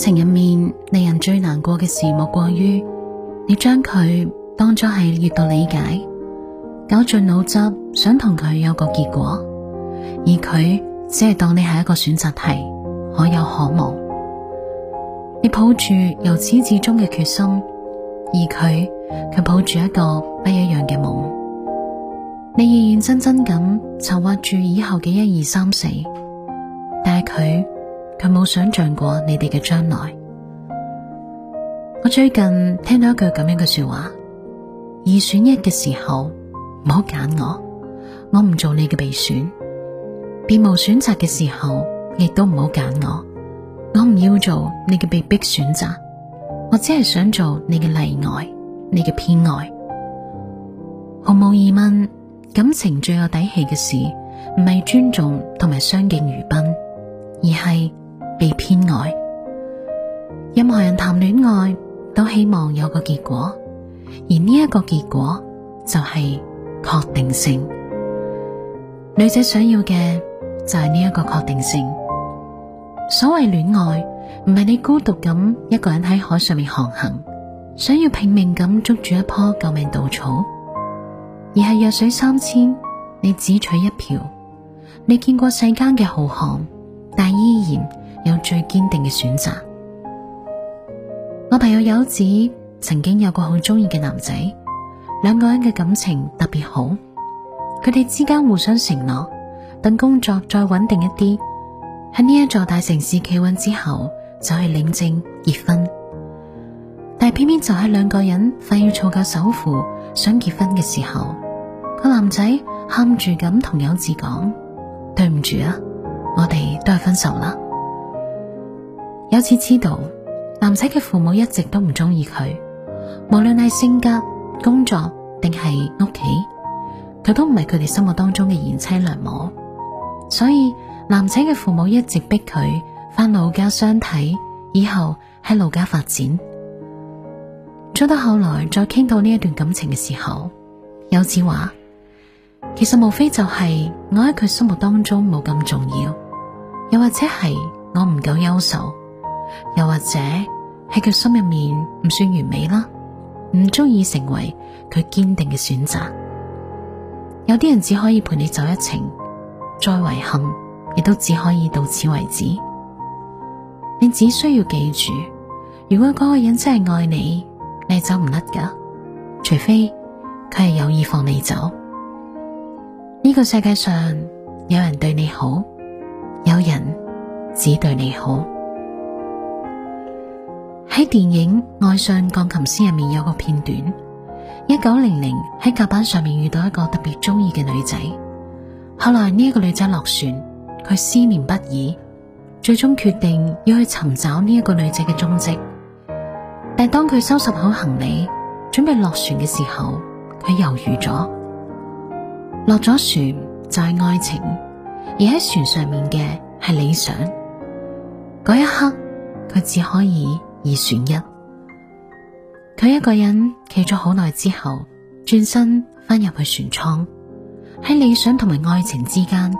情入面，令人最難過嘅事，莫過於你將佢當咗係閱讀理解，絞盡腦汁想同佢有個結果，而佢只係當你係一個選擇題，可有可無。你抱住由始至終嘅決心，而佢卻抱住一個不一樣嘅夢。你認認真真咁籌劃住以後嘅一二三四，但係佢。佢冇想象過你哋嘅將來。我最近聽到一句咁樣嘅說話：二選一嘅時候，唔好揀我，我唔做你嘅備選；別無選擇嘅時候，亦都唔好揀我，我唔要做你嘅被逼選擇。我只係想做你嘅例外，你嘅偏愛。毫無疑問，感情最有底氣嘅事，唔係尊重同埋相敬如賓，而係……被偏愛，任何人談戀愛都希望有個結果，而呢一個結果就係確定性。女仔想要嘅就係呢一個確定性。所謂戀愛唔係你孤獨咁一個人喺海上面航行，想要拼命咁捉住一棵救命稻草，而係弱水三千你只取一瓢。你見過世間嘅浩瀚，但依然。有最堅定嘅選擇。我朋友友子曾經有個好鍾意嘅男仔，兩個人嘅感情特別好，佢哋之間互相承諾，等工作再穩定一啲，喺呢一座大城市企穩之後就去領證結婚。但係偏偏就喺兩個人快要湊夠首付想結婚嘅時候，個男仔喊住咁同友子講：對唔住啊，我哋都係分手啦。有次知道男仔嘅父母一直都唔中意佢，無論係性格、工作定係屋企，佢都唔係佢哋心目當中嘅賢妻良母，所以男仔嘅父母一直逼佢返老家相睇，以後喺老家發展。再到後來再傾到呢一段感情嘅時候，有次話：其實無非就係我喺佢心目當中冇咁重要，又或者係我唔夠優秀。又或者喺佢心入面唔算完美啦，唔中意成為佢堅定嘅選擇。有啲人只可以陪你走一程，再遺憾亦都只可以到此為止。你只需要記住，如果嗰個人真係愛你，你係走唔甩噶，除非佢係有意放你走。呢個世界上有人對你好，有人只對你好。喺電影《愛上鋼琴師》入面有個片段，一九零零喺甲板上面遇到一個特別中意嘅女仔，後來呢一個女仔落船，佢思念不已，最終決定要去尋找呢一個女仔嘅蹤跡。但當佢收拾好行李，準備落船嘅時候，佢猶豫咗。落咗船就係愛情，而喺船上面嘅係理想。嗰一刻，佢只可以。二選一，佢一個人企咗好耐之後，轉身翻入去船艙，喺理想同埋愛情之間，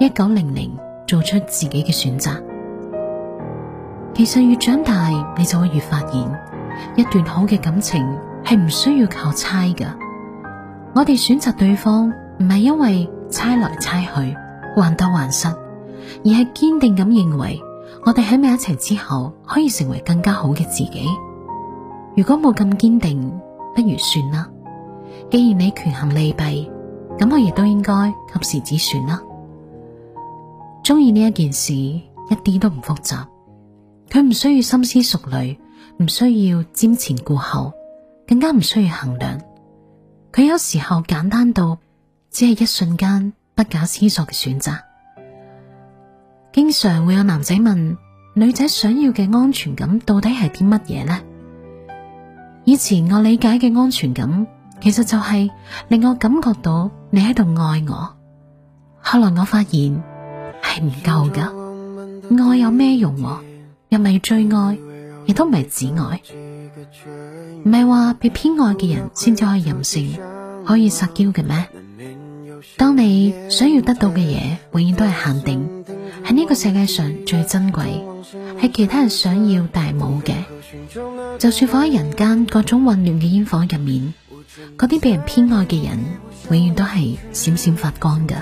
一九零零做出自己嘅選擇。其實越長大，你就會越發現，一段好嘅感情係唔需要靠猜噶。我哋選擇對方唔係因為猜來猜去，患得患失，而係堅定咁認為。我哋喺埋一齊之後，可以成為更加好嘅自己。如果冇咁堅定，不如算啦。既然你權衡利弊，咁我亦都應該及時止損啦。中意呢一件事，一啲都唔複雜，佢唔需要深思熟慮，唔需要瞻前顧後，更加唔需要衡量。佢有時候簡單到，只係一瞬間不假思索嘅選擇。經常會有男仔問女仔想要嘅安全感到底係啲乜嘢呢？以前我理解嘅安全感，其實就係、是、令我感覺到你喺度愛我。後來我發現係唔夠噶，愛有咩用啊？又唔係最愛，亦都唔係至愛，唔係話被偏愛嘅人先至可以任性，可以撒嬌嘅咩？當你想要得到嘅嘢，永遠都係限定。喺呢個世界上最珍貴，係其他人想要但係冇嘅。就算放喺人間各種混亂嘅煙火入面，嗰啲被人偏愛嘅人，永遠都係閃閃發光噶。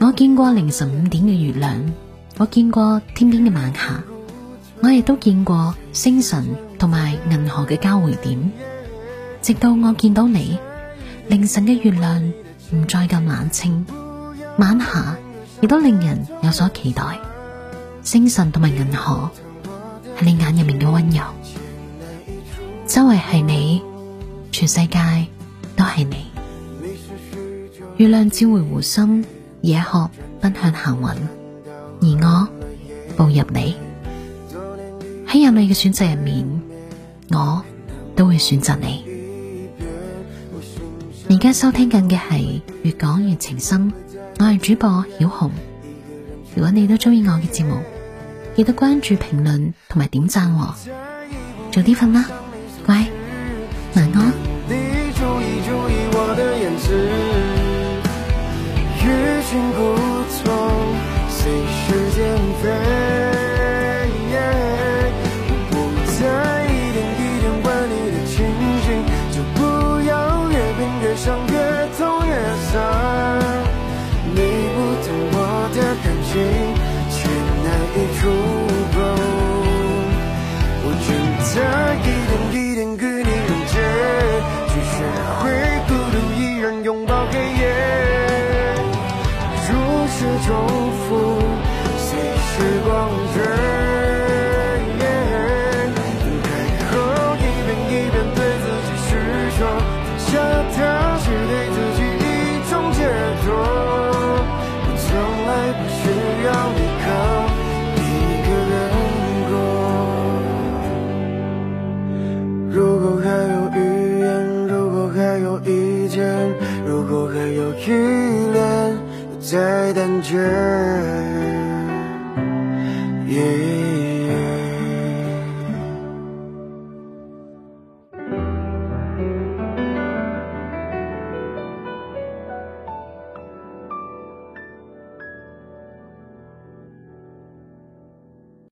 我見過凌晨五點嘅月亮，我見過天邊嘅晚霞，我亦都見過星辰同埋銀河嘅交匯點。直到我見到你，凌晨嘅月亮唔再咁冷清，晚霞。亦都令人有所期待，星辰同埋銀河係你眼入面嘅溫柔，周圍係你，全世界都係你。月亮照回湖心，野鶴奔向行雲，而我步入你。喺有你嘅選擇入面，我都會選擇你。而家收聽緊嘅係越講越情深。我係主播小紅，如果你都中意我嘅節目，記得關注、評論同埋點贊我，早啲瞓啦，乖，晚安啊。